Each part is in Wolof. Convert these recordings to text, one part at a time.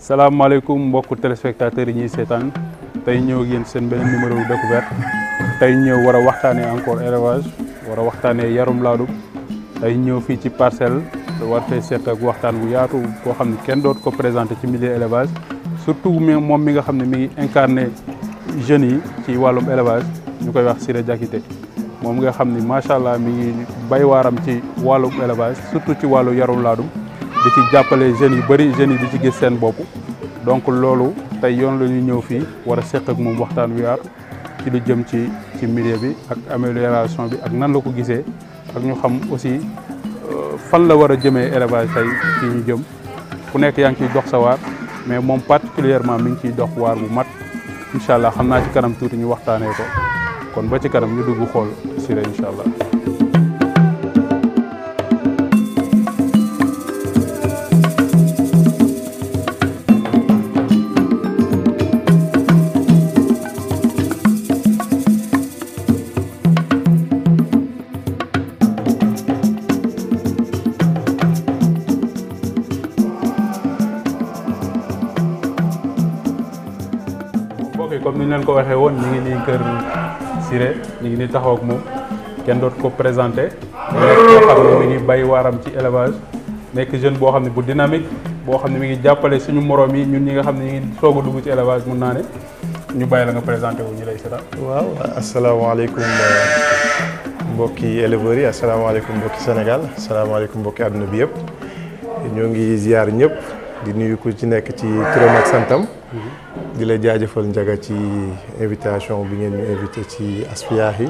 salaamaaleykum mbokku téléspectateurs yi ñuy seetaan tey ñëw ak yéen seen beneen numéro bu découverte tey ñëw war a waxtaanee encore élevage war a waxtaanee yarum laadum tey ñëw fii ci parcelle war fee seet waxtaan wu yaatu boo xam ne kenn dootu ko présenté ci milieu élevage surtout moom mi nga xam ne mi ngi incarné jeunes yi ci wàllum élevage ñu koy wax Siré Diakité moom nga xam ni macha allah mi ngi bay waaram ci wàllum élevage surtout ci wàllu yarum laadum di ci jàppale jeunes yu bëri jeunes yi di ci gis seen bopp donc loolu tey yoon la ñu ñëw fii war a seq ak moom waxtaan wi aar ci lu jëm ci ci milieu bi ak amélioration bi ak nan la ko gisee ak ñu xam aussi euh, fan la war a jëmee élevage tey ci ñu jëm ku nekk yaa ngi ciy dox sa waar mais moom particulièrement mi ngi ciy dox waar bu mat incha allah xam naa ci kanam tuuti ñu waxtaanee ko kon ba ci kanam ñu dugg xool si la incha allah. comme ni ñu leen ko waxee woon ñu ngi nii kër Siré ñu ngi nii taxaw mu moom kenn dootu ko présenté. boo xam ne mi ngi bay waaram ci élevage nekk jeune boo xam ne bu dynamique boo xam ne mi ngi jàppale suñu morom yi ñun ñi nga xam ne ñu ngi soog dugg ci élevage mun naa ne ñu bàyyi la nga présenté wu ñu lay seetaan. waaw asalaamaaleykum euh, mbokki éleveurs yi asalaamaaleykum mbokki Sénégal asalaamaaleykum mbokki àdduna bi yëpp ñoo ngi ziar ñëpp di nuyu ci nekk ci turam ak santam. di la jaajëfal njaga ci invitation bi ngeen ñu invité ci Asfiyahi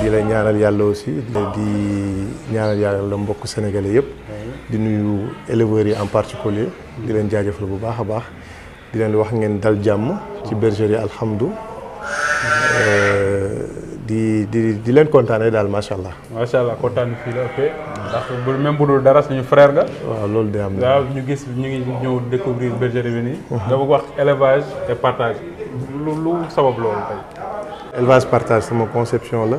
di la ñaanal yàlla aussi di ñaanal yàlla mbokk sénégalais yëpp di nuyu éleveurs yi en particulier di leen jaajëfal bu baax a baax di leen wax ngeen dal jàmm ci bergerie alhamdu euh, di di di machallah Masha'Allah, allah. ok. ndax même dara suñu frère ga wa lolou le am ñu gis ñu ngi découvrir berger bi uh-huh. wax élevage et partage lu lu sabab lolou tay élevage partage sama conception la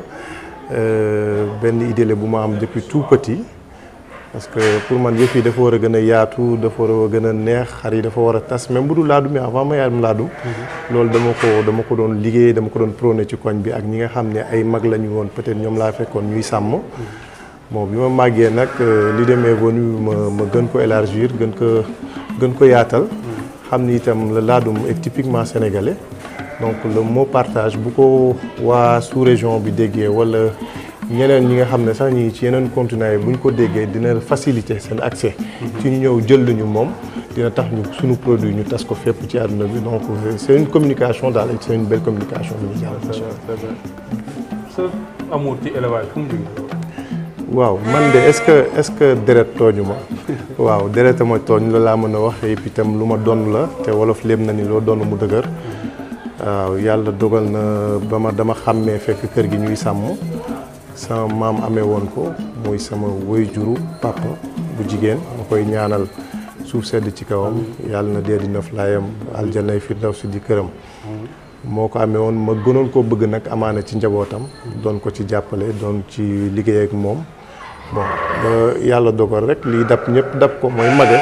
ben idée le bu ma am depuis tout petit parce que pour man yëf yi dafa war a a yaatu dafa war a gën a neex xar yi dafa war a tas même bu dul laadum yi avant ma yaadum laadum mhm. loolu dama ko dama ko doon liggéey dama ko doon prôné ci koñ bi ak ñi nga xam ne ay mag la ñu woon peut-être ñoom laa fekkoon ñuy sàmm mhm. bon bi ma màggee nag euh, li demee venu ma ma gën ko élargir gën ko gën ko yaatal mhm. xam ni itam la laadum est typiquement sénégalais donc le mot partage bu ko waa sous-région bi déggee wala yenen ñi nga xamné sax ñi ci yenen continent buñ ko déggé dina faciliter sen accès. ci ñu ñëw jël luñu mom dina tax ñu suñu produit ñu tas ko fépp ci aduna bi donc c'est une communication dans c'est une belle communication bi ñu jàll. incha allah amour ci élevage fu mu waaw man de est-ce que est-ce que deret tooñu ma waaw deret ma tooñ la laa mën a wax et puis itam lu ma donn la te wolof léem na ni loo donn mu dëgër waaw yàlla dogal na ba ma dama xàmmee fekk kër gi ñuy sàmm sama maam amee woon ko muy sama wayjuru papa bu jigéen ma koy ñaanal suuf sedd ci kawam yàlla na dee di naf laayam aljanay firdaws si di këram moo ko amee woon ma gënoon koo bëgg nag amaana ci njabootam doon ko ci jàppale doon ci liggéey ak moom bon ba yàlla dogal rek lii dab ñëpp dab ko mooy mage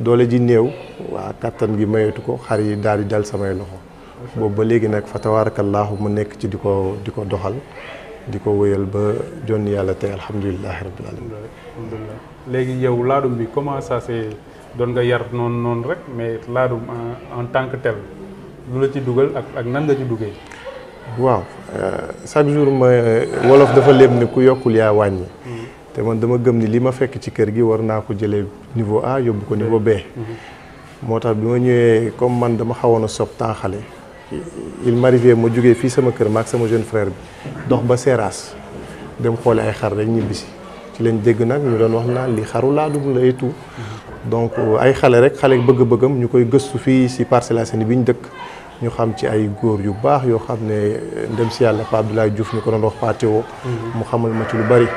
doole ji néew waa kàttan gi mayetu ko xar yi daal di dal samay loxo boobu ba léegi nag fa tabaarakallaahu ma nekk ci di ko di ko doxal di ko woyal ba jonni yàlla tey alhamdulilah rabbil alamin léegi yow laadum bi comment ça doon nga yar noonu noonu rek mais laadum en tant que tel lu la ci dugal ak ak nan nga ci duggee. waaw euh, chaque jour ma wolof dafa léeb ne ku yokkul yaa wàññi. Hmm. te man dama gëm ni li ma fekk ci kër gi war naa ko jëlee niveau A yóbbu ko niveau B. Hmm. moo tax bi ma ñëwee comme man dama xawoon a sob temps xale. il m'arrivait ma jugee fii sama kër ma ak sama jeune frère bi dox ba Seras dem xoole ay xar rek ñibbisi ci lañ dégg nag ñu doon wax naan li xaru laadum la et tout donc euh, ay xale rek xale bëgg-bëggam ñu koy gëstu fii si Parcelles Assainies bi ñu dëkk ñu xam ci ay góor yu baax yoo xam ne euh, ndem si yàlla Pape Abdoulaye Diouf ñu ko doon wax Patéo mhm. mu xamal ma ci lu bari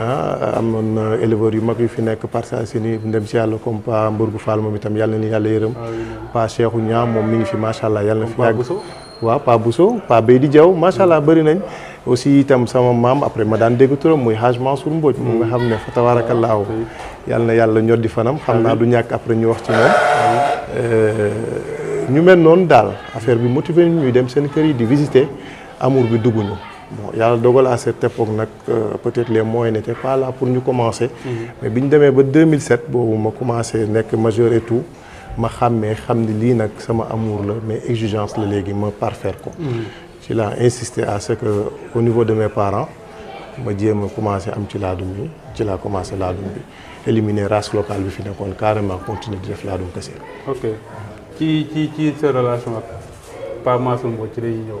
ah amoon na éleveurs yu mag yu fi nekk Parcelles Assainies ndem si yàlla comme Pa Mbourgou Fall moom itam yàlla na ni yàlla yërëm Pa Cheikhou Niang moom mi ngi fi macha allah yàlla na fi yàgg waaw Pa Bousso Pa Beydi Diaw macha allah bari nañ aussi itam sama maam après ma daan dégg turam muy Haj Mansour Mbodj moom nga xam ne fa tabaarakallaahu mm. yàlla na yàlla ñor di fanam xam naa du ñàkk après ñu wax ci moom euh, ñu mel noonu daal affaire bi motivé ñuy dem seen kër yi di visiter amour bi dugg bon yàlla dogal à cette époque euh, peut-être les moyens n'étaient pas là pour nous commencer. Mhm. mais bi mais ba 2007 boobu ma commencé nekk majeur et tout ma xàmmee xam ni lii sama amour la mais exigence la léegi ma faire ko. Mhm. ci insisté à ce que au niveau de mes parents ma jéem a commencé am ci la bi ci laa commencé laadum bi éliminer race locale bi fi nekkoon carrément continuer faire faire laadum kese. ok qui ci ci ce relation pas Paa Massoum ci la ñuy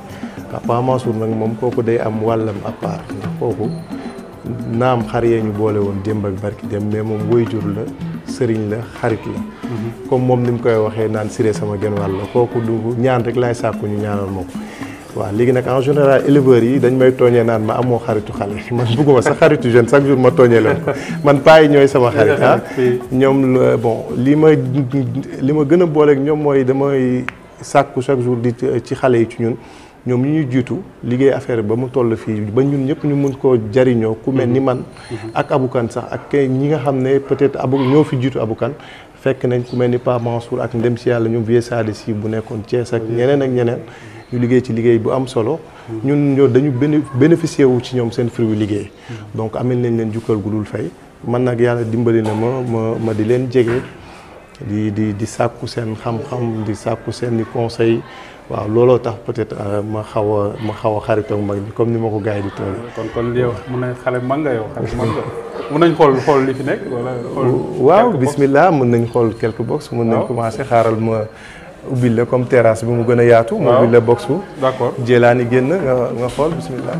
papa Mansour nag moom kooku day am wàllam à part ndax kooku naam xar yee ñu boole woon démb ak barki dem mais moom woyjur la sëriñ la xarit la. Mhm. comme moom ni mu koy waxee naan siré sama genn wàll la kooku du ñaan rek laay sàkku ñu ñaanal ma ko. waaw léegi nag en général éleveurs yi dañ may tooñee naan ma amoo xaritu xale man bugguma sax xaritu jeune chaque jour ma tooñee leen ko man paa ñooy sama xarit ah. ñoom bon li ma li ma gën a booleeg ñoom mooy damay sàkku chaque jour di ci xale yi ci ñun Nous ñu liggéey affaire ba mu toll ba ñun ñu ku man mhm. ak sax ak nga peut-être abou ñoo fi jitu aboukan fekk nañ ku mel ni Mansour ak ndem si yàlla ñoom vieux Sadi si bu nekkoon Thiès ak ñeneen ak ñeneen ñu liggéey ci liggéey bu am solo mhm. ñun ñoo dañu mhm. donc amel nañ leen conseil waaw looloo tax peut-être euh, ma xaw a ma xaw a xarit ak mag ñi comme ni ma ko gars yi di toll. kon kon yow mun nañ xale mag nga yow xale mag nga mun nañ xool xool li fi nekk wala. waaw bismillah mën nañ xool quelques box mën nañ commencé xaaral ma. ubbil la comme teraas bi mu gën a yaatu. waaw mu ubbil la box bu. d'accord génn nga xool bismillah.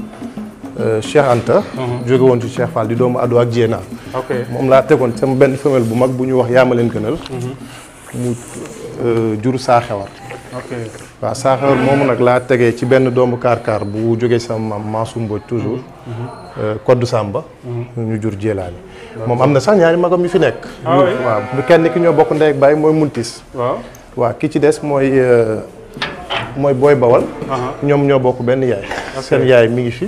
Euh, Cheikh Anta. Mhm. jóge woon ci Cheikh Fall di doomu Addo ak Diena. moom laa tegoon sama benn femelle bu mag bu ñu wax yaa ma leen gënal. Mhm. mu euh, jur saa xewar. waaw moomu nag laa tegee ci benn doomu kaar-kaar bu jógee sama maam Mansour Mbodj toujours. Mhm. Euh, Koddu Samba. ñu jur Jéelaani. moom am na sax ñaari magam yu fi nekk. Ah waaw bu kenn ki ñoo bokk ndey ak baay mooy Muntis. waaw waaw ki ci des mooy. mooy booy bawal ñoom ñoo bokk benn yaay seen yaay mi ngi fi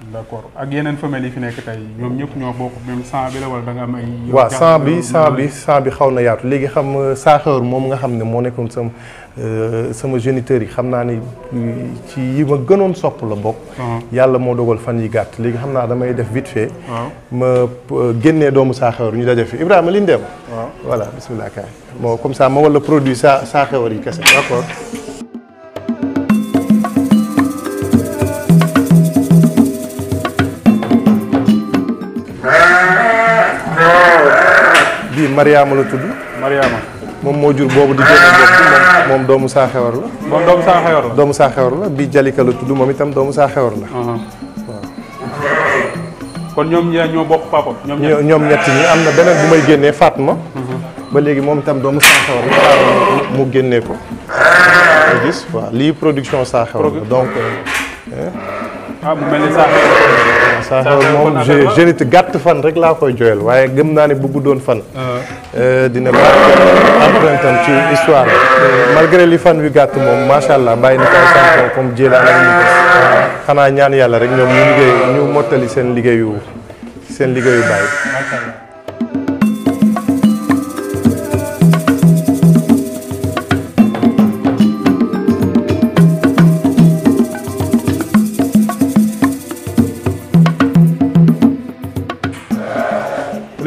d' accord ak yeneen femelles yi fi nekk tey ñoom ñëpp ñoo bokk même sang bi la am ay. waaw sang bi sang bi sang bi xaw na yaatu léegi xam saaxeur moom nga xam ne moo nekkoon sama euh, sama géniteur yi xam naa ni ci yi ma gënoon sopp la bokk. Uh-huh. yàlla moo dogal fan yi gàtt léegi xam naa damay def vite fait. ma euh, génnee doomu saaxeur ñu daje fi Ibrahima li ñu dem. waaw voilà bisimilah kaay. bon comme ça ma wala produit saa saaxeur yi kese d' Mariama la tuddu Mariama. mom mo jur bobu di génn bopp mom doomu sa xewor la. mom doomu sa xewor la. doomu sa xewor la bi Jalika la tuddu mom itam doomu sa xewor la. kon ñom ñee ñoo bokk papa. ñom ñett ñoom ñett ñi amna benen bu may gënné Fatma. Mhm. ba légui mom itam doomu sa xewor la. mu gënné ko. gis wa li production sa xewor donc. Euh, ah bu mel ni gàtt fan rek laa koy jooyal waaye gëm naa ne bu doon fan. Ah. Euh, dina baax empruntam ci histoire malgré li fan wi gàtt moom macha allah bàyyi na ko ay champion comme Diela ak Louga xanaa ñaan yàlla rek ñoom ñu liggéey ñu mottali seen liggéeyu seen liggéeyu bàyyi.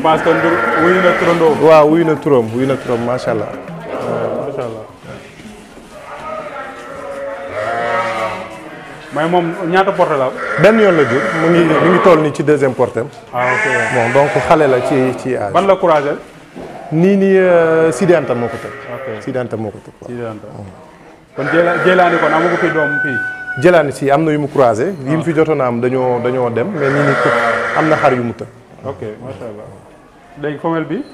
je pense que na turandoo. waaw wuyu na turam wuyu na turam macha allah. macha moom ñaata porte la benn yoon la jur mu ngi mu ngi toll nii ci deuxième portem ah, bon donc xale la ci ci âge. ban la couragé. nii nii euh, Sidi moo ko teg. ok Sidi Anta moo ko teg. kon Jëla Jëlaani kon si am na yu mu croisé. yi mu fi jotoon am dañoo dañoo dem mais nii nii am na xar yu mu tëb. ok macha allah. léegi femelle bi.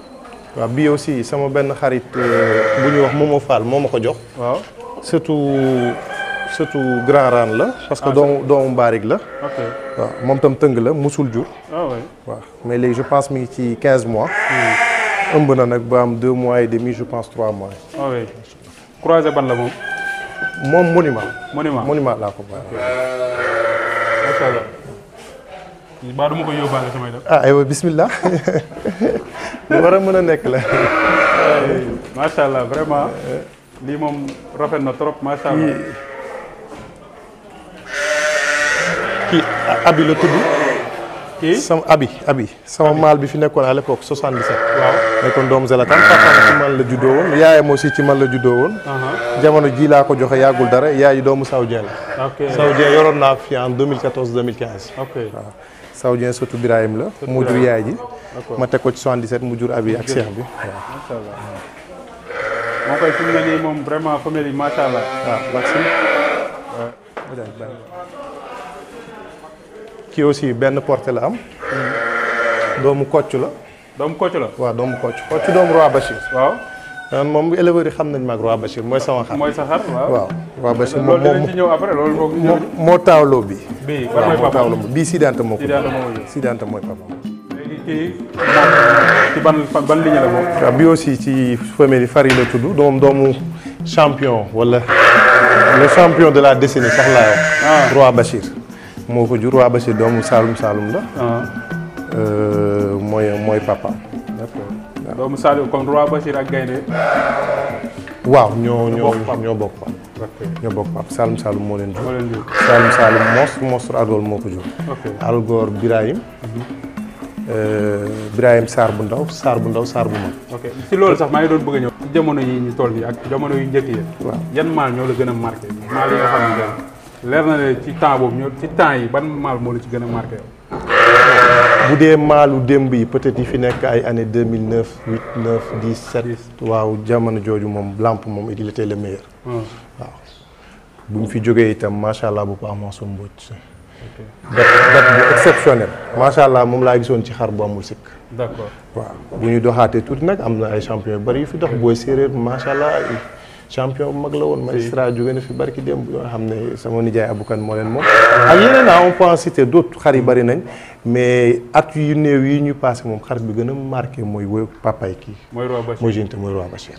waaw bii aussi sama ben xarit euh, buñu wax Momo Fall momako jox. waaw surtout surtout grand ran la. parce que dom ah, dom mbaarig la. ok waaw moom itam tëng la musul jur. waaw ah, waaw mais léegi je pense mi ci 15 mois. Hmm. ëmb na nak ba am 2 mois et demi je pense 3 mois. ah oui croisé ban la moom. moom monument. monument monument la ko bàyyi. macha allah. baa duma ko yóbbaale samay def. ah aywa bismillah lu war a mën a nekk la. macha allah vraiment lii moom rafet na trop macha allah. kii abi la tudd. kii sama abi abi sama maal bi fi nekkoon à l'époque 77. waaw nekkoon doomu Zélatan papaam ci man la juddoo woon yaayam aussi ci man la juddoo woon. jamono jii laa ko joxe yàggul dara yaay doomu Saoudien la. ok Saoudien yoroon naa fi en 2014 2015. ok waaw. saoudien surtout Birahim la moo jur yaay ji ma teg ko ci 77 mu jur abi ak seex bi waaw moo koy fi mu ne nii moom vraiment famille yi macha allah waaw ah, vaccine kii aussi benn portée la am hmm. doomu kocc la doomu la roi man euh, moom éleveurs yi xam nañ maag roi Bachir mooy sama xar. mooy sa xar waaw waaw. roi Bachir moom moom moo taawloo bi. bii waaw moo taawloo bi bii moo ko. Sidante mooy papa. ci ban far yi la tudd doom doomu champion wala le champion de la décennie sax laa wax. Ah. roi Bachir moo ko jur roi Bachir doomu Saalum Saalum la. Ah. Euh, mooy mooy papa doomu Saliou kon roi Bachir ak Gaynde. waaw ñoo ñoo ñoo bokk pap ñoo bokk pap moo leen jur. moo leen jur Saloum Saloum monstre monstre Algor moo ko jur. Algor Birahim. Mhm. Euh, Birahim Sarr bu ndaw saar bu ndaw saar bu mag. ok si loolu sax maa ngi doon bëgg a ñëw. ci jamono yi ñu toll nii ak jamono yu njëkk yi. waaw yan maal ñoo la gën a marqué maal yi nga xam ne leer na ne ci temps boobu ñoo ci temps yi ban maal moo la ci gën a marqué. bu dee maalu démb yi peut-être il fi nekk ay année 2009 8 9 10 7. waaw jamono jooju blanc pour moom il était le meilleur. Hmm. waaw bon, ñu fi jógee itam macha allah bu son mbóoj. c'est bu exceptionnel. machallah mon la laa gisoon ci xar bu musique d'accord waaw bu tout doxaatee tuuti nag am ay champion mais bari yu fi dox booy séeréer champion bu mag la woon fi barki démb yo xamné sama nijaay abukan mo len mom ak yeneen a ah, on peut en citer d'autres xar yi bari nañ mais at yu néew yi ñu passé mom xar bi gën a marqué mooy woyu papay kii moy jinte moy Roi Bachir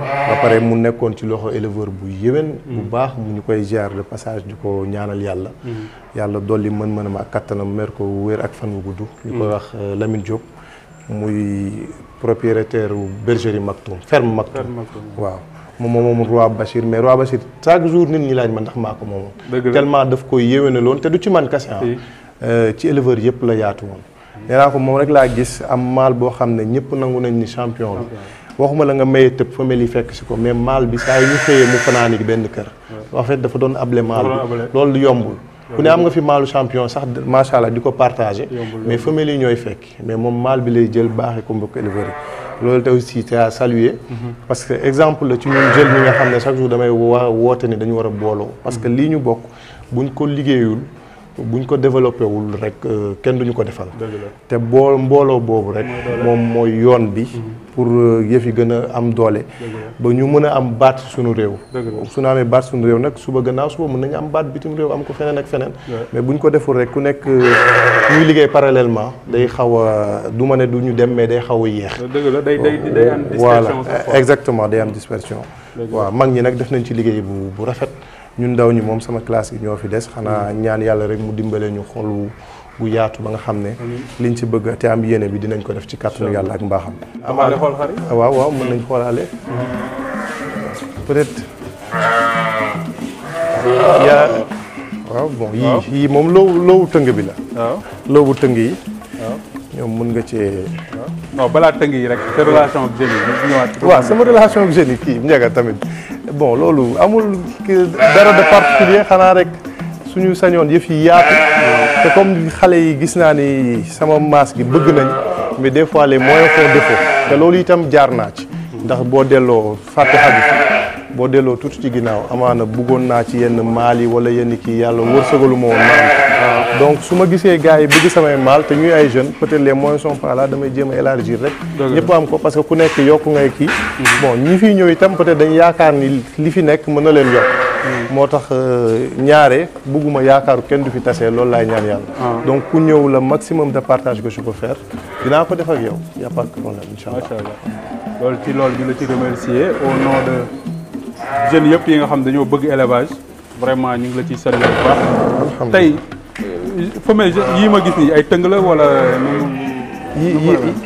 ba paré mu nekkon ci loxo éleveur bu yewen bu mm. baax mu ñukoy koy ziar de passage di ko ñaanal yalla mm. yalla doli man mënam ak kattanam mer ko wër ak fan wu gudd ñu mm. wax euh, Lamine Diop muy propriétaire bergerie Maktoum ferme Maktoum waaw moom moomoom roi Bachir mais roi Bachir chaque jour nit ñi laaj ma ndax maa ko moomoon tellement daf koy yéwénaloon te du ci man kese ah. euh, ci éleveur yëpp la yaatu woon nee naa ko moom rek laa gis am maal boo xam ne ñëpp nangu nañ ni champion bi waxuma la nga maye tëb femelle yi fekk si ko mais maal bi saa yu ñu xëyee mu fanaani benn kër en fait dafa doon able maal bi loolu yombul ku ne am nga fi maalu champion sax macha allah di ko partagé mais femelle yi ñooy fekk mais moom maal bi lay jël baaxee ko mbokk éleveur loolu te aussi c'est à saluer. Mhm. parce que exemple la ci ñun jël ñi nga xam ne chaque jour damay waa woote ni dañu war a booloo. parce que mhm. lii ñu bokk buñ ko liggéeyul. buñ ko développé wul rek euh, kenn du ñu ko defal. te boo mbooloo boobu rek. moom mooy yoon bi. Mhm. pour euh, yëf yi gën a am doole. ba ñu mën a am baat sunu réew. su nu amee baat suñu réew nag suba gannaaw suba mun nañu am baat bitim réew am ko feneen ak feneen. mais buñ ko deful rek ku nekk euh, ñuy liggéey parallèlement day xaw a du ma ne du ñu dem mais day xaw a yéex. day day am dispersion voilà exactement day am dispersion. waaw mag ñi nag def nañ ci liggéey bu bu rafet. ñun ndaw ñi moom sama classe yi ñoo fi des xanaa ñaan yàlla rek mu dimbalee ñu xool gu yaatu ba nga xam ne liñ ci bëgg te am yéene bi dinañ ko def ci kàttanu yàlla ak mbaaxam. amaale xool xar yi ah, waaw waaw mën nañ xoolaale peut-être yaa waaw bon yii yii moom loowu loowu tëng bi la loobu tëng yi ñoom mën nga cee non balaa tënk yi rek sa relation ak jeunes yi ñëwaat. waaw sama relation ak jeunes yi kii Ndiaga tamit bon loolu amul dara de particulier xanaa rek suñu sañoon yëf yi yaatu. te comme xale yi gis naa ni sama maas gi bëgg nañ mais des fois les moyens font te loolu itam jaar naa ci. ndax boo delloo fàtte xaju boo delloo tuuti ci ginnaaw amana buggoon naa ci yenn maal wala yenn ki yalla wërsëgalu ma woon ah. donc suma ma gisee yi bëgg samay mal te ñuy ay jeune peut-être les moyens sont pas là damay jéem a élargir rek ñepp am ko parce que ku nekk yok ngay ki mhm. bon ñi fi ñëw itam peut-être dañ yaakar ni li fi nekk mëna leen yok mhm. motax tax euh, ñaare bëgguma yaakar kenn du fi tassé loolu lay ñaan yalla ah. donc ku ñëw le maximum de partage que je peux faire dina ko def ak yow y a pas de problème inshallah allah. macha allah loolu ci loolu ñu la ci remercier au nom de. jeunes yëpp yi nga xam dañoo bëgg élevage vraiment ñu ngi la ciy sori bu baax. tey femelle yii ma gis nii ay tëng la wala. yi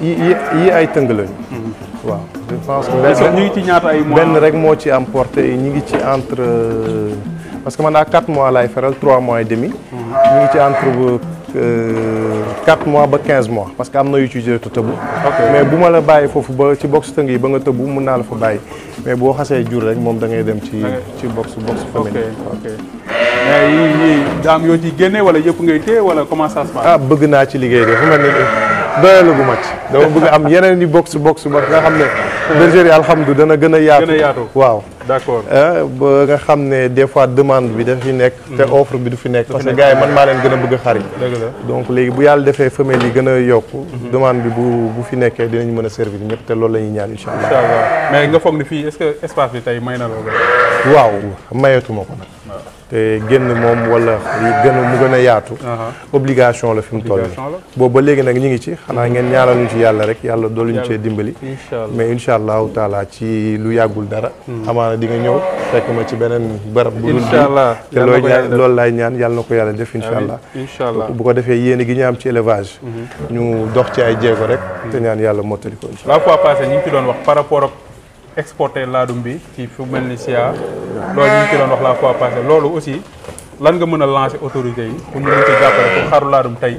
yi yi ay tëng lañu. Mhm. waaw je pense que ñu ngi ci ñaata ay mois benn rek moo ci am portée ñu ngi ci entre euh, parce que man à 4 mois laay feral 3 mois et demi. Mhm. ñu ngi ci entre. 4 euh, mois ba 15 mois parce que am na yu ci jot a tëbu mais bu ma la bàyyi foofu ba ci box tëng yi ba nga tëbu mun naa la fa bàyyi mais boo xasee jur rek moom dangay dem ci ci box box famille ok mais daam yoo ci génne wala yëpp ngay téye wala comment ça ah, bëgg naa ci liggéey de fu mel ni doyalu gu ma ci dama bëgg am yeneen i box box ba nga xam ne bergerie alhamdu dana gën a yaatu waaw d'accord euh, ba nga xam ne des fois demande bi dafi nekk te hmm. offre bi du fi nekk parce que gars yi man maa leen gën a bëgg a xar yi donc léegi bu yàlla defee femelle yi gën a yokk hmm. demande bi bu bu fi nekkee dinañ mën a servir ñëpp te loolu la ñuy ñaan incha allah mais nga foog ni fii est espace bi tey may na loolu waaw mayetuma ko te génn moom wala yu gën mu gën a yaatu. Uh-huh. obligation la fi mu toll nii. boobu ba léegi nag ñu ngi ci xanaa ngeen ñaanal ñu ci yàlla rek yàlla doolu ñu cee dimbali. mais incha allahu taala ci lu yàggul dara. Hmm. amaana di nga ñëw fekk ma ci beneen barab. bu dul te looy ñaan loolu laay ñaan yàlla ko yàlla def incha allah. incha allah bu ko defee yéene gi ñu am ci élevage. Hmm. ñu dox ci ay jéego rek. te ñaan yàlla mottali ko. la fois exporté laadum bi ci fu mel ni SIA loolu ñu ci la fois passée loolu aussi lan nga mën a lancer autorités yi pour ñu mën ci jàppale pour xaru laadum tey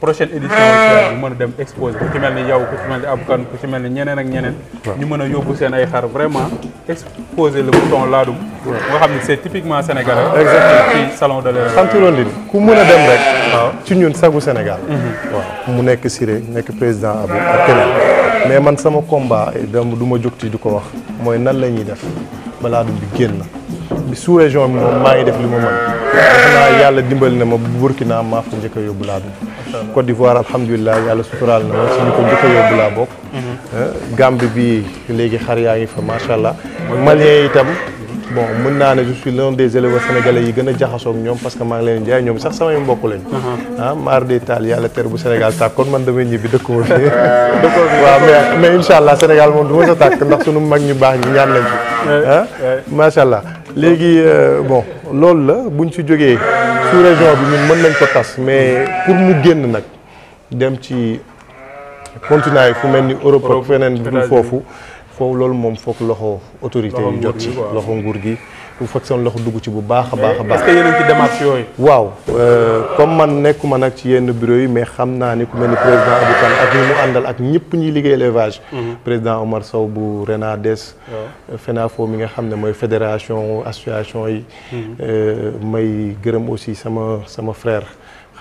prochaine édition SIA bi dem exposé ku ci mel ni yow ku ci mel ni Aboukan ku ci mel ni ñeneen ak ñeneen ñu mën a yóbbu ay xar vraiment exposer le bouton laadum nga xam ne c'est typiquement sénégalais exactement ci salon de l'air. xamtuloon lin ku mën a dem rek waaw ci ñun sagu Sénégal waaw mhm. mu nekk Siré nekk président Abou ak mais man sama combat eh, dama du ma jóg ci di ko wax mooy nan la ñuy def balaa du bi génn bi sous région bi moom maa ngi def li ma mën def yàlla dimbali na ma Burkina maa fa njëkk a yóbbu laa dugg Côte d'Ivoire alhamdulilah yàlla suturaal na ma si ko njëkk a yóbbu laa bokk mm-hmm. eh, Gambie bi léegi xar yaa ngi fa macha allah Malien itam bon mën naa ne je suis l'un des éleveurs sénégalais yi gën a jaxasoog ñoom parce que maa ngi leen jaay ñoom sax samay mbokk lañ uh-huh. ah maar day taal yàlla teer bu Sénégal tàkk kon man damay ñibbi dëkkuma fi dëkkoo waaw mais mais insha allah Sénégal moom du ma sa tàkk ndax suñu ñu baax ñi nañ ci ah macha allah léegi euh, bon loolu la buñ ci jógee sous région bi ñun mën nañ ko tas mais pour mu génn nag dem ci continent yi fu mel ni Europe feneen bu foofu foofu loolu moom foog loxo autorité yu jot ci loxo nguur gi bu fekk seen loxo dugg ci bu baax a baax baax est-ce que yéen ci démarche waaw euh, comme man nekkuma nag ci yenn bureau yi mais xam naa ni ku mel ni président Abdou Kane ak ñi mu àndal ak ñëpp ñuy liggéey élevage mhm. président Omar Sow bu Renades euh, FENAFO mi nga xam ne mooy fédération association yi mhm. euh, may gërëm aussi sama sama frère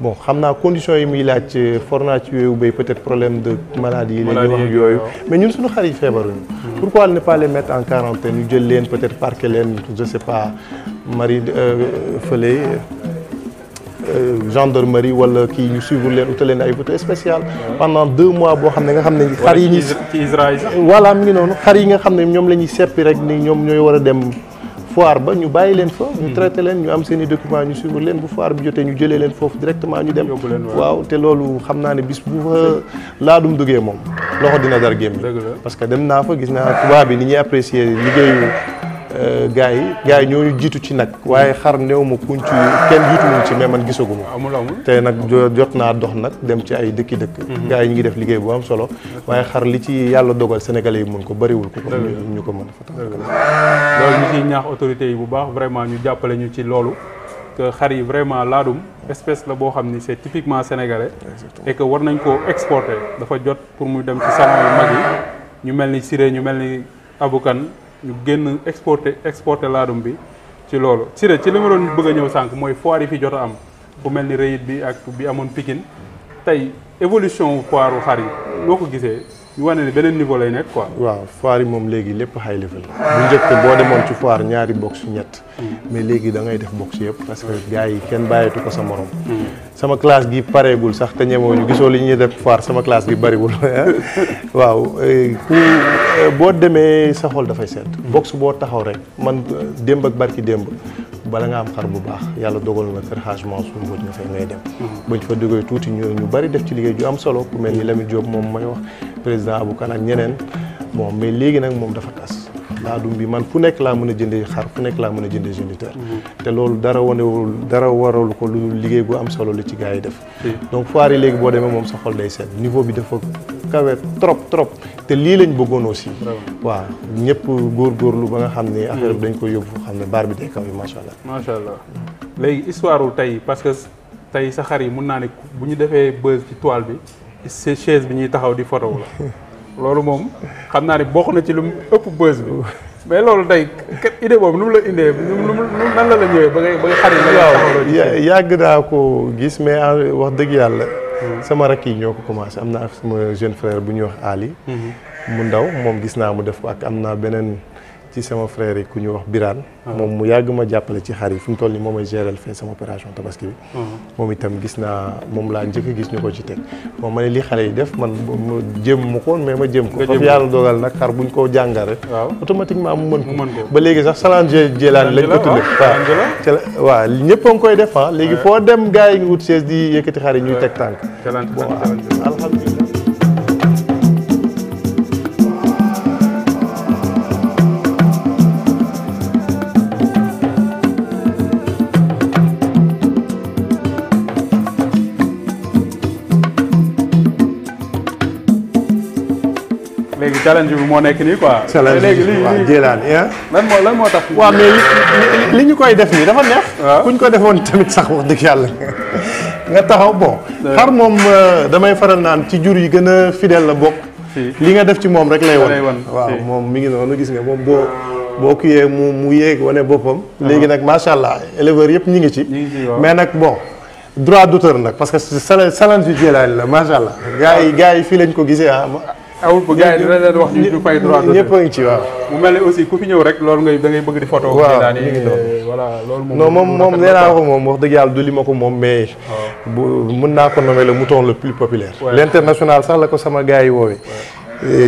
bon xam naa conditions yi muy laaj fornage yooyu béy peut-être problème de maladie yi la ñuy wax yooyu mais ñun suñu xar yi feebaruñu pourquoi ne pas les mettre en quarantaine ñu jël leen peut-être parquer leen je sais pas mari fële gendarmerie wala kii ñu suivre leen utal leen ay voiture spécial pendant deux mois boo xam ne nga xam ne xar yi ñu Israël voilà mi ngi noonu xar yi nga xam ne ñoom la ñuy seppi rek ni ñoom ñooy war a dem foire ba ñu bàyyi leen fa ñu hmm. traité leen ñu am seen i document ñu suivre leen bu foire bi jotee ñu jëlee leen foofu directement ñu dem waaw te loolu xam naa ne bis bu fa laadum duggee moom loxo dina dar gémmi parce que dem naa fa gis naa tubaab bi ni ñuy apprécier liggéeyu Euh, gars yi gars yi ñooñu jiitu ci nag waaye xar néew ma kuñ ci kenn jiitu wuñ ci mais man gisaguma te nag jot naa dox nag dem ci ay dëkki dëkk mhm. gars yi ñu ngi def liggéey bu am solo waaye xar li ci yàlla dogal sénégalais yi mun ko bëriwul ko ko ñu ko mën a loolu ñu ciy ñaax autorité yi bu baax vraiment ñu jàppale ñu ci loolu xar yi vraiment laadum espèce la boo xam ni c'est typiquement sénégalais et war nañ koo exporter dafa jot pour muy dem ci salon yu mag yi ñu mel ni Siré ñu mel ni Aboukan ñu génn exporté exporté laadum bi ci loolu Siré ci li ma doon bëgg a ñëw sànq mooy foire yi fi jot a am bu mel ni rëyit bi ak bi amoon Pikine tey évolution foire xar yi noo ko gisee yu wane ne beneen niveau lay nekk quoi. waaw foire yi moom léegi lépp high level. bu njëkk boo demoon ci foire ñaari box ñett. Hmm. mais léegi da ngay def box yëpp. parce que yi kenn bàyyeetu ko sa moroom hmm. sama classe gi pareegul sax te ñemewuñu gisoo li ñuy def foire sama classe gi bariwul eh? waaw eh, eh, boo demee sa xol dafay seet. Hmm. box boo taxaw rek man démb ak barki démb. bala nga am xar bu baax yàlla dogalu na kër Hadj Mansour Mbodj nga fay ngay dem bañ fa duggee tuuti ñu ñu bari def ci liggéey ju am solo ku mel ni Lamine Diop moom may wax président Abou Kane ak ñeneen bon mais léegi nag moom dafa tas laadum bi man fu nekk laa mën a jëndee xar fu nekk laa mën a jëndee géniteur mhm. te loolu dara wanewul dara waralu ko lu liggéey bu am solo lu ci gaa yi def donc foire yi léegi boo demee moom sa xol day seet niveau bi dafa kawe trop trop te lii lañ bëggoon aussi waaw ñëpp góorgóorlu ba nga xam ni affaire bi dañ koy yóbbu xam ne baar bi day kawe macha allah macha allah léegi histoire wu tey parce que tey sa xar yi mun naa ne bu ñu defee buzz ci toile bi si chaise bi ñuy taxaw di photo la loolu moom xam naa ne bokk na ci lu mu ëpp buzz bi mais loolu tey idée boobu nu mu la indee nu mu nan la la ñëwee ba nga xar yi waaw yàgg daa ko gis mais wax dëgg yàlla Mm-hmm. sama rakk yi ñoo ko commencé am na ak sama jeune frère bu ñuy wax aali mm-hmm. mu ndaw moom gis naa mu def ko ak am naa beneen. ci sama frère yi ku ñu wax Birane ah. moom mu yàgg ma jàppale ci xar yi fu mu toll nii moom mooy gérer fee sama opération tabaski bi ah. moom itam gis naa moom laa njëkk gis ñu ko ci teg moom ma ne li xale yi def man ma jëm mu ko mais ma jëm ko foofu yàlla dogal nag xar buñ ko jàngal rek automatiquement mu mën ko ba léegi sax salange jëlaan lañ ko tuddee waaw waaw ñëpp a ngi koy def ah léegi foo dem gars yi ngi wut chaise di yëkkati xar yi ñuy teg tànk alhamdulilah challenge bi moo nekk nii quoi. challenge bi waaw jéelaan eh? lan moo lan moo tax. waaw mais li ñu koy def nii dafa neex. waaw ko defoon tamit sax wax dëgg yàlla nga taxaw bon. xar moom euh, damay faral naan ci jur yi gën a fidèle la bokk. li nga def ci moom rek lay won waaw moom mu ngi noonu gis nga moom boo. boo kiyee mu mu yéeg wane boppam. Ah. léegi nag macha allah éleveurs yëpp ñi ngi ci. mais nag bon droit d'auteur nag parce que challenge bi jéelaan la macha allah. gars yi gars yi fii lañ ko gisee ah. awul bu gars yi dina leen wax ñu ci waaw. mu mel ne aussi ku fi ñëw rek loolu ngay da ngay bëgg di photo. waaw daal di voilà loolu moom moom moom nee naa ko moom wax dëgg du li ma ko moom mais. Oh. bu mën naa ko nommer le mouton le plus populaire. l' international sax la ko sama gars yi woowee.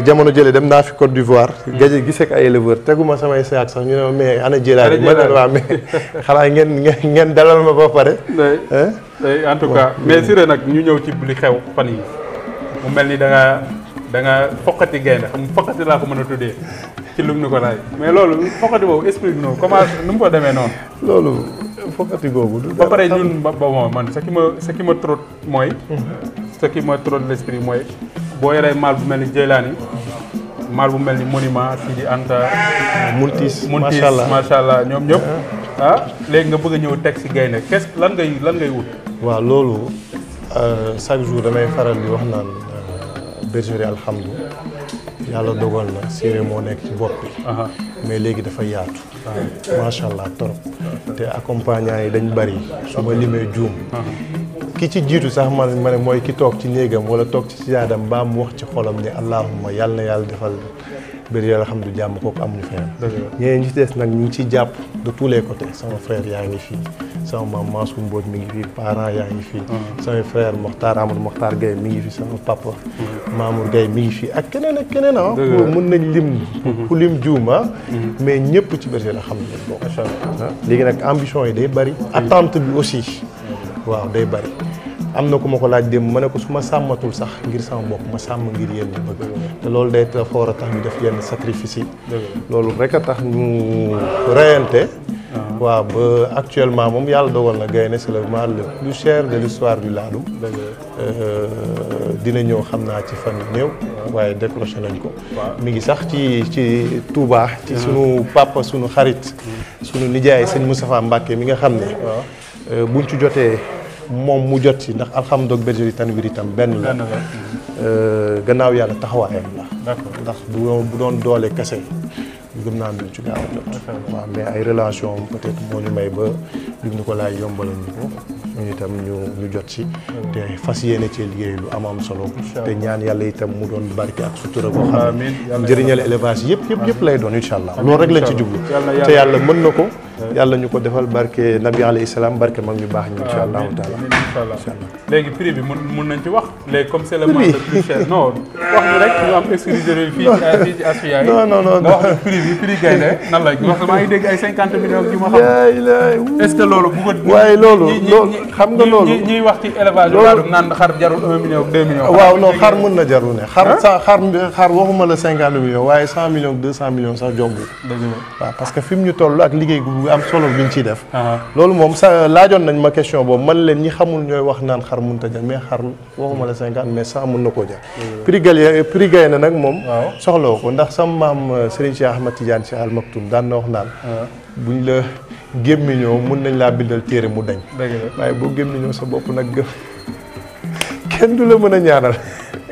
jamono jële dem naa fi Côte d'Ivoire. Hmm. gaje gis ak ay éleveur teguma samay saak sax ñu ne ma mais ana jëlaat ma ne waaw mais xanaa ngeen ngeen dalal ma ba pare. en tout cas mais Siré nag ñu ñëw ci li xew fan da nga foqati gaynde xam foqati laa ko mën a tuddee ci lum ni ko laaj mais loolu foqati boobu explique noonu comment nu mu ko demee noonu. loolu foqati googu. ba pare ñun ba bon man ce qui ma ce qui ma trotte mooy. Mhm. ce qui ma trotte mooy boo yoree maal bu mel ni Jeylaani maal bu mel ni monument Sidi Anta. multis macha allah macha allah ñoom ñëpp. Mhm. ah léegi nga bëgg ñëw teg si gaynde quest lan ngay lan ngay wut. waaw loolu euh, chaque jour damay faral di wax naan. bergerie alhamdu yàlla dogal na séeréer moo nekk ci bopp bi mais léegi dafa yaatu macha allah trop te accompagnant yi dañ bari su ma limee juum ki ci jiitu sax man ma ne mooy ki toog ci néegam wala toog ci siyaadam ba mu wax ci xolam ne allahumma yàlla na yàlla defal biir yàlla xam du jàmm kooku amuñu fayam ñeneen ñi ci nag ñu ngi ciy jàpp de tous les côtés sama frère yaa ngi fii sama maam Mansour Mbodj mi ngi fii parents yaa ngi fii ah. sama frère Mokhtar Amadou Mokhtar Gueye mi ngi fii sama papa Mamour Gueye mi ngi fii ak keneen ak keneen ah mën nañ lim ku lim juum ah. mm-hmm. mais ñëpp ci biir yàlla xam ne bokk ah. léegi nag ambition yi day bari attente bi aussi mm-hmm. waaw day bari am na ku ma ko laaj démb ma ne ko su ma sàmmatul sax ngir sama bopp ma sàmm ngir yéen ñu bëgg te loolu de dafa war a tax def yenn sacrifice yi loolu rek a tax ñu reyante ah. waaw ba actuellement moom yàlla dogal na gaynde c'est ma mal le plus cher de l'histoire du Ladoum euh, dina ñëw xam naa ci fan néew ah. waaye décroché nañ ko mi ngi sax ci ci Touba ci ah. sunu papa sunu xarit hmm. sunu nijaay sëñ Moustapha Mbacké mi nga xam ne euh, buñ ci jotee moom mu jot si ndax alhamdoog bergerie Tanwir itam benn la euh, gannaaw yàlla taxawaayam la ndax bu bu doon doole kese gëm naa duñ ci gaaw a jot waaw mais ay relation peut moo ñu may ba duñ ñu ko laay yombalal ñu ko ñu itam ñu ñu jot si te fas yéene ci liggéey lu am am solo te ñaan yàlla itam mu doon barke ak sutura ko xam ne njëriñal élevage yëpp yëpp yëpp lay doon incha allah loolu rek lañ ci jublu te yàlla mën na ko yàlla ñu ko defal barke nabi alayhi salaam barke mag ñu baax ñu incha allahu taala incha allah léegi prix bi mun mun nañ ci wax léegi comme c'est le mois le plus cher non wax ñu rek ñu am exclusivité fii fii ci Asfiya yi non non non nga wax prix bi prix gaynde nan la wax maa ngi dégg ay cinquante millions yu ma xam est ce que loolu bu ko waaye loolu loolu xam nga loolu ñuy wax ci élevage wàllum naan xar jarul un million deux millions waaw non xar mun na jarul ne xar sa xar xar waxuma la cinquante millions waaye cent millions deux cent millions sax jombul waaw parce que fi mu ñu toll ak liggéey gu bu am solo bi ñu ciy def. loolu moom sa laajoon nañ ma question boobu man leen ñi xamul ñooy wax naan xar mënut a jar mais xar waxuma la cinquante mais sa mën na koo jar. prix Gaye prix nag moom. soxlawu ko ndax sama maam euh, Serigne Cheikh Ahmad Tidiane Cheikh Al Maktoum daan na wax naan. buñ la gémmiñoo mun nañ laa bindal téere mu dañ. waaye boo gémmiñoo sa bopp nag gëf kenn du la mën a ñaanal.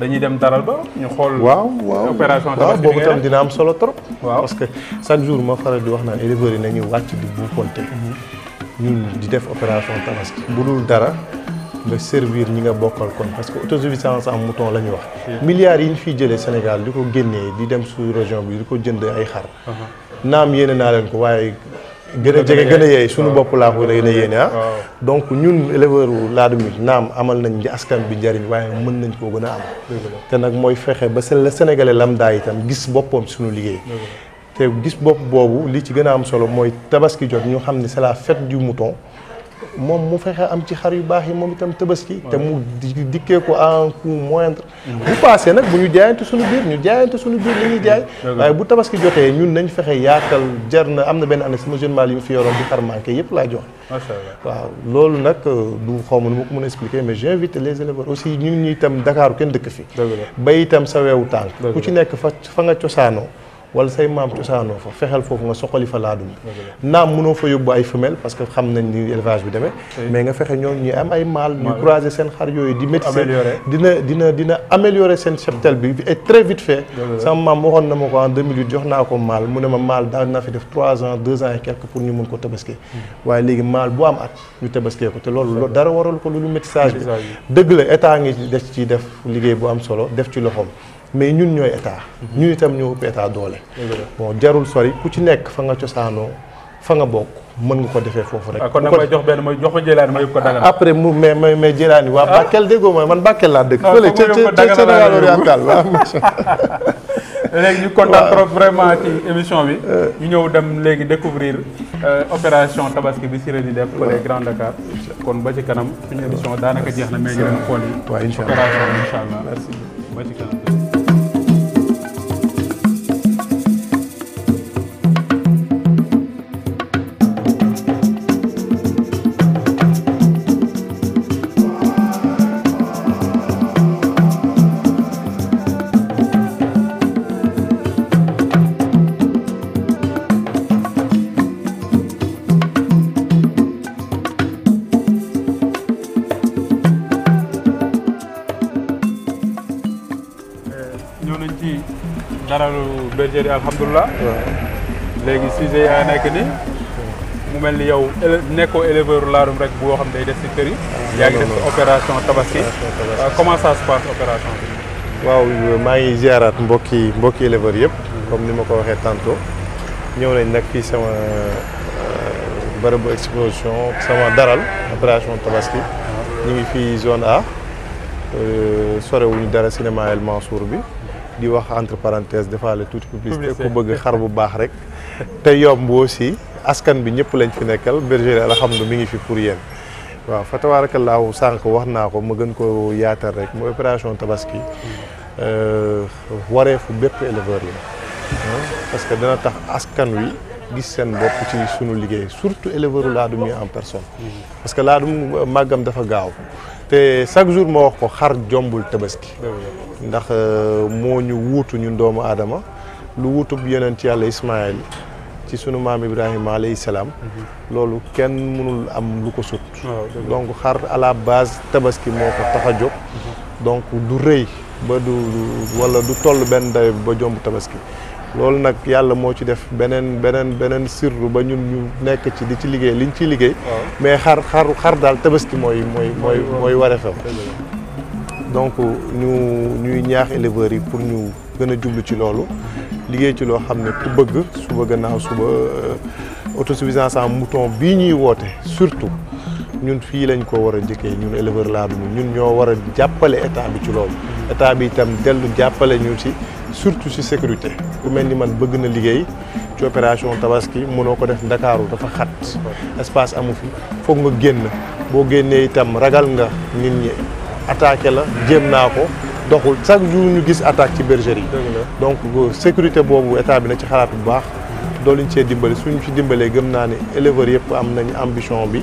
dañuy dem dara ba ñu xool. waaw waaw opération tabaski boobu tam dina am solo trop. waaw parce que chaque jour ma faral di wax naan éleveurs yi nañuy wàcc di buufonte. Mhm. ñu di def opération tabaski. bu dul dara nga servir ñi nga bokkal kon parce que autosuffisance en mouton la ñuy wax. milliards yi ñu fiy jëlee Sénégal di ko génnee di dem sous région bi di ko jënd ay xar. Uh-huh. naam yéene naa leen ko waaye. gën a jege gën a yeey suñu bopp laa ko gën a yéene ah donc ñun éleveur u laadumit naam amal nañ askan bi njariñ waaye mën nañ koo gën a am te nag mooy fexe ba le lam lambda itam gis boppam suñu liggéey te gis bopp boobu li ci gën a am solo mooy tabaski jot ñu xam ne c'est la fête mu mouton moom mu fexe am ci xar yu baax yi moom itam tabaski te mu dikkee ko à un coût bu passé nag bu ñu jaayante suñu biir ñu jaayante suñu biir li jaay waaye bu tabaski jotee ñun nañ fexe yaatal jar na am na benn année sama jeune mal yu fi yoroon di xar manqué yëpp laa joxe waaw loolu nag euh, du xaw ma nu ma ko mën a expliquer mais j'invite les éleveurs aussi ñun ñi itam Dakar kenn dëkk fi bay itam sa weewu taal ku ci nekk fa fa nga cosaanoo ولكن يجب ان يكون هناك الكثير من الممكن ان يكون هناك الكثير من الممكن ان يكون هناك الكثير من الممكن ان يكون هناك الكثير من الممكن ان يكون هناك الكثير من الممكن ان يكون هناك الكثير من الممكن ان يكون هناك الكثير من الممكن ان يكون هناك الكثير من الممكن ان يكون هناك الكثير من الممكن ان يكون هناك الكثير من الممكن ان يكون هناك الكثير من الممكن ان يكون هناك الكثير من الممكن ان يكون هناك الكثير من الممكن ان يكون هناك الكثير من الممكن ان يكون هناك الكثير من الممكن ان يكون هناك mais ñun ñooy état. ñun itam ñoo ëpp état doole. bon jarul sori ku ci nekk fa nga cosaanoo fa nga bokk mën nga ko defee foofu rek. Ah, kon nag may jox benn may jox ma Jëlaani ma yóbbu ko Dagana. après mu mais mais mais Jëlaani waa ah. Bakel déggoo mooy man Bakel laa dëkk. Ah, fële ca ca Sénégal oriental waaw vraiment émission bi. Euh. ñu ñëw dem léegi découvrir euh, opération tabaski bi Siré di def. fële Grand Dakar. kon ba ci kanam daanaka jeex na mais ñu dem xool allah bi légui léegi sujet yaa nekk ni mu mel yow nekkoo éleveur laadum rek boo xam day def ci kër yi. yaa ngi def opération tabaski. Euh, comment ça se passe opération waaw ma ngi ziarat mbokki mbokki éleveur yépp comme ni ma ko waxee tantôt. ñëw nañ nag fii sama euh, bërëbu explosion sama daral opération tabaski. ñu ngi fii zone A. Euh, sorewuñu dara cinéma El Mansour bi. di wax entre parenthèse defaale tuuti publicité ku bëgg xar bu baax rek te yomb aussi askan bi ñëpp lañ fi nekkal bergerie alhamdu mi ngi fi pour yéen waaw fa tabaarakallaahu sànq wax naa ko ma gën ko yaatal rek mu opération tabaski euh, wareefu bépp éleveur la parce que dana tax askan wi gis seen bopp ci sunu liggéey surtout éleveur laadum yi en personne mm-hmm. parce que laadum màggam dafa gaaw te chaque jour ma wax ko xar jombul tabaski ndax euh, moo ñu wuutu ñun doomu aadama lu yeneen ci yàlla Ismaayil ci suñu maam Ibrahima alayhi salaam mhm. loolu kenn mënul am lu ko sut donc xar à la base tabaski moo ko tax a jóg mhm. donc du rëy ba du wala du toll benn dayo ba jomb tabaski loolu nag yàlla moo ci def beneen beneen beneen sirru ba ñun ñu nekk ci di ci liggéey li ñu ciy liggéey. mais xar xar xar daal tabaski mooy mooy mooy mooy wareefam. donc ñu ñuy ñaax éleveurs yi pour ñu gën a jublu ci loolu. liggéey ci loo xam ne ku bëgg suba gannaaw suba euh, autosuffisance en mouton bii ñuy woote surtout ñun fii lañ ko war a jëkkee ñun éleveur laa ñun ñoo war a jàppale état bi ci loolu. Mm-hmm. état bi itam dellu jàppale ñu ci. surtout ci sécurité ku mel man bëgg na liggéey ci opération tabaski mëno ko def ndakaaru dafa xat espace amu fi foog nga génn bo génné itam ragal nga nit ñi attaqué la jëm na ko doxul chaque jour ñu gis attaque ci bergerie donc sécurité bobu état bi na ci xalaat bu baax dooluñ ci dimbalé suñu ci dimbalé gëm na né éleveur yépp am nañ ambition bi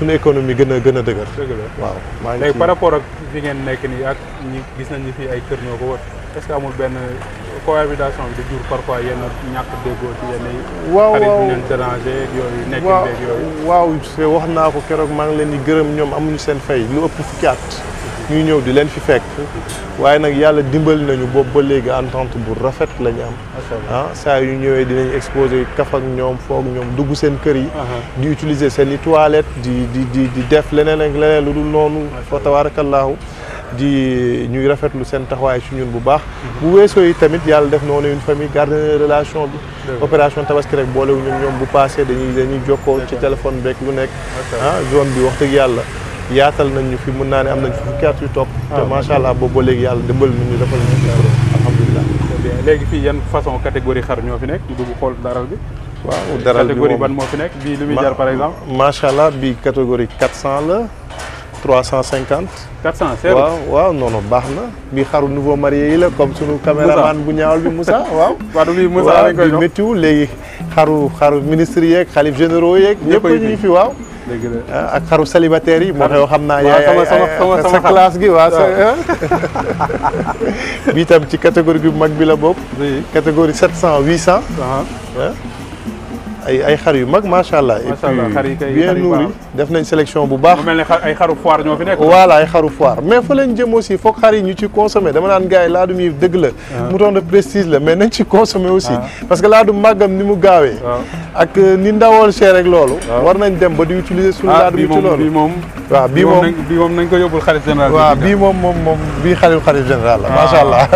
suñu économie gën a gën a dëgër. dëgg la waaw maa ngi par rapport ak fi ngeen nekk nii ak ñi gis nañ ni fii ay kër ñoo ko wër est que amul benn cohabitation bi di jur parfois yenn ñàkk déggoo ci yenn yi. waaw waaw xarit leen déranger yooyu. nekk beeg waaw waaw wax naa ko keroog maa ngi leen di gërëm ñoom amuñu seen fay lu ëpp fukki at ñuy ñëw di leen fi fekk waaye nag yàlla dimbali nañu bo ba légui entente bu rafet lañu am ah ça yu ñëwee dinañ exposé kaf ak ñoom foog ñoom dugg seen kër yi di utiliser seen i toilette di di di di def leneen ak leneen lu dul noonu fa tabaarakallaahu di ñuy rafetlu seen taxawaay ci ñun bu baax bu weesoo yi tamit yalla def noonu une famille garde relation bi opération tabaski rek ñun ñom bu passé dañuy dañuy joko ci téléphone bék lu nekk ah zone bi wax ak yalla yaatal nañ ñu fi mën naa ne am nañ fi fukki at yu topp. Ah, te macha allah boobu ba léegi yàlla dimbali nañ ñu defal nañ ñu alhamdulilah. léegi fii yan façon catégorie xar ñoo fi nekk ñu dugg xool daral bi. waaw daral bi catégorie ban moo fi nekk bii lu muy jar par exemple. macha allah bii catégorie 400 la 350. 400 c'est waaw waaw non non baax na bii xaru nouveau marié yi la comme sunu caméraman bu ñaawal bi Moussa waaw. waaw du bii Moussa lañ koy jox waaw bii léegi xaru xaru ministre yeeg xalif généraux yeeg. ñëpp ñu fi waaw dëgg ah, ak xaru célibataire yi. xam naa yaay bi tam ci catégorie bu mag bi la bopp catégorie sept cent huit cent ah. Ah. ay ay xar yu mag macha allah. macha allah bien nourri def nañ sélection bu baax. mel sélection ay xaru foire ñoo fi nekk. voilà ay xaru foire mais fa lañ jëm aussi foog xar yi ñu ci consommer dama naan gars yi laadum yi dëgg la. Ah. mouton de prestige la mais nañ ci consommer aussi. Ah. parce que laadum màggam ni mu gaawee. Ah. ak euh, ni cher ak loolu. war nañ dem ba di utiliser suñu laadum yi ci loolu bii moom waaw bii moom bii moom nañ ko yóbbul xarit général. waaw bii moom moom moom bii xarit général la. macha allah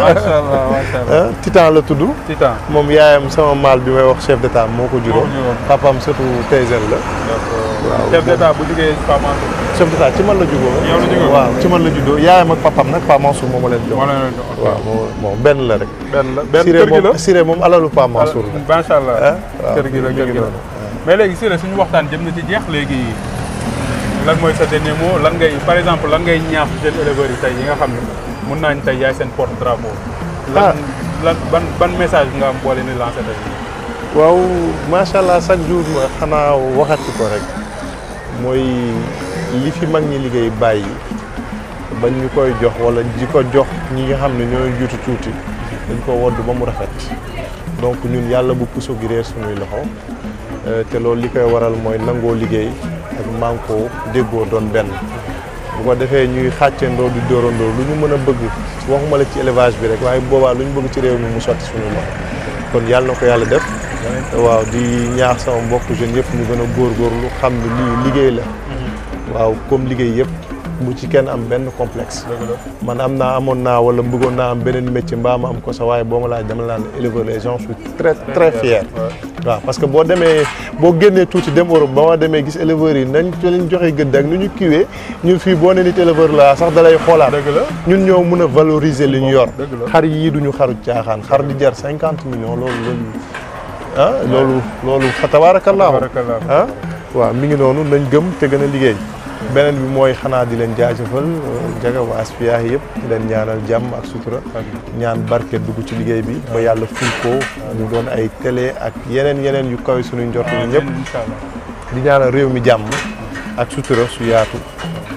hein, titan la tudd. titan moom yaayam sama bi wax chef la chef d'état bu jugee Pa papam nag Pa Mansour mau leen jox waaw Ben benn rek benn la benn kër gi la Siré allah kër gi la kër gi la mais lan mooy sa dernier lan ngay par exemple lan ngay ñaax ya, lan ah. lan ban ban message nggak boleh boole ni lancé tey allah chaque karena waktu waxati mooy li fi mag ñi liggéey bàyyi ba ñu koy jox wala di ko jox ñi nga xam ne ñooy juutu tuuti dañ ko wodd ba mu rafet donc ñun yàlla bu puso gi réer suñuy loxo euh, te loolu li koy waral mooy nangoo liggéey ak mànkoo déggoo doon benn bu ko defee ñuy xàccandoo di dóorandoo lu ñu mën a bëgg waxuma la ci élevage bi rek waaye boobaa lu ñu bëgg ci réew mi mu sotti suñu loxo kon yàlla na ko yàlla def waaw di ñaax sama mbokk jeunes yëpp ñu gën a góorgóorlu xam ne lii liggéey la mhm. waaw comme liggéey yëpp mu ci kenn am benn complexe man am naa amoon naa wala bëggoon naa am beneen métier mbaa ma am ko sa waaye boo ma laaj dama naan éleveur les gens sont très très fiers waaw parce que boo demee boo génnee tuuti dem Europe ba ma demee gis éleveurs yi nañ ci leen joxe gëdd ak nu ñu kiiwee ñun fii boo ne nit éleveur la sax dalay xoolaat ñun ñoo mën a valoriser li ñu yor xar yii duñu xaru caaxaan xar di jar 50 millions loolu loolu ah loolu loolu fa tabaarakallaahu ah waaw mi ngi noonu nañ gëm te gën a liggéey beneen bi mooy xanaa di leen jaajëfal jaga uh, waa Asfiyahi yi yëpp leen ñaanal jàmm ak sutura ñaan barket dugg ci liggéey bi ba yàlla ful ko ñu doon ay télé ak yeneen yeneen yu kawe suñu njort ñu ñëpp di ñaanal réew mi jàmm ak sutura su yaatu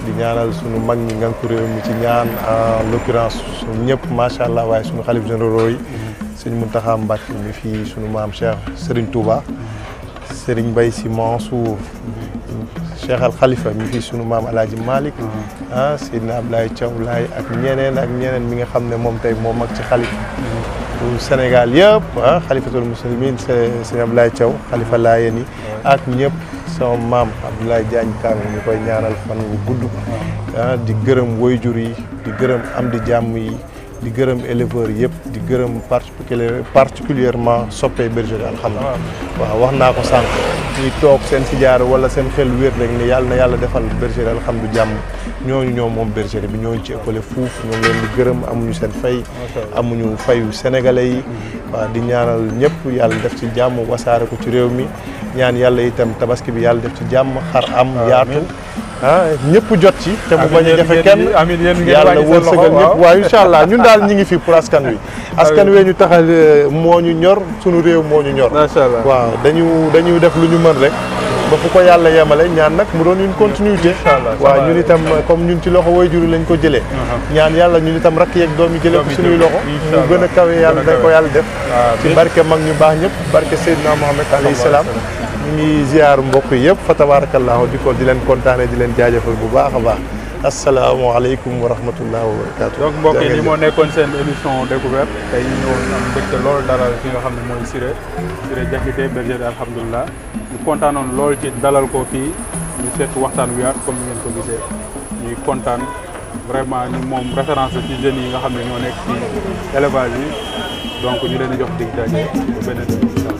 di ñaanal suñu mag ñi ngan ko réew mi ci ñaan en l'occurrence suñu ñëpp macha allah waaye suñu xalif généraux yi sëñ Mountakha Mbacké mi fi suñu maam Cheikh Serigne Touba Serigne Mbaye Sy Mansour Cheikh Al Khalifa mi fii sunu maam El Hadj Malick ah, ah Seydina Abdoulaye Thiaw ak ñeneen ak ñeneen mi nga xam ne moom tey moom ak ci xalifa mm-hmm. Sénégal yëpp ah xalifatul muslimin sëñ Abdoulaye Thiaw xalifa Laayeen yi ah. ak ñëpp sama maam Abdoulaye Diagne Kang ñu koy ñaanal fan wu gudd ah, ah di gërëm woyjur yi di gërëm am di jàmm yi di gërëm éleveurs yëpp di gërëm particulièrement soppee bergerie Alhamdoulilah waaw wax naa ko sànq ñi toog seen si sijaar wala seen xel wér rek ne yàlla na yàlla defal bergerie Alhamdoulilah jàmm ñooñu ñoo moom bergerie bi ñooñu ci ëppale fuuf ñoo ngi leen di gërëm amuñu seen fay amuñu fayu sénégalais yi mm-hmm. waaw ah, di ñaanal ñëpp yàlla def ci jàmm wasaare ko ci réew mi ñaan yàlla itam tabaski bi yàlla def ci jàmm xar am yaatu ah ñëpp jot ci te mu bañ a jafe kenn yàlla wërsëgal ñëpp waaw incha allah ñun daal ñi ngi fi pour askan wi askan wee ñu taxal euh, moo ñu ñor sunu réew moo ñu ñor waaw dañu dañu def lu ñu mën rek ba fu ko yàlla yemale ñaan nag mu doon une continuité waaw ñun itam comme ñun ci loxo way juru lañ ko jëlee ñaan yàlla ñun itam rakk yeeg doom yi jëlee ko suñuy loxo mu gën a kawe yàlla dañ ko yàlla def ci barke mag ñu baax ñëpp barke Seydina Mohamed alayhi salaam ñu ngi ziar mbokk yëpp fa tabarakallahu di ko di leen kontaane di leen jaajëfal bu baax a baax asalaamaaleykum wa rahmatulah wa barakaatu. donc mbokk yi li moo nekkoon seen émission découverte tey ñu ñëwoon am mbégte loolu dalal fi nga xam ne mooy Siré Siré Diakité bergerie alhamdulilah. ñu kontaanoon lool ci dalal ko fii ñu seet waxtaan wi yaatu comme ni ngeen ko gisee ñuy kontaan vraiment ñu moom référence ci jeunes yi nga xam ne ñoo nekk si élevage yi donc ñu leen di jox dig daje ba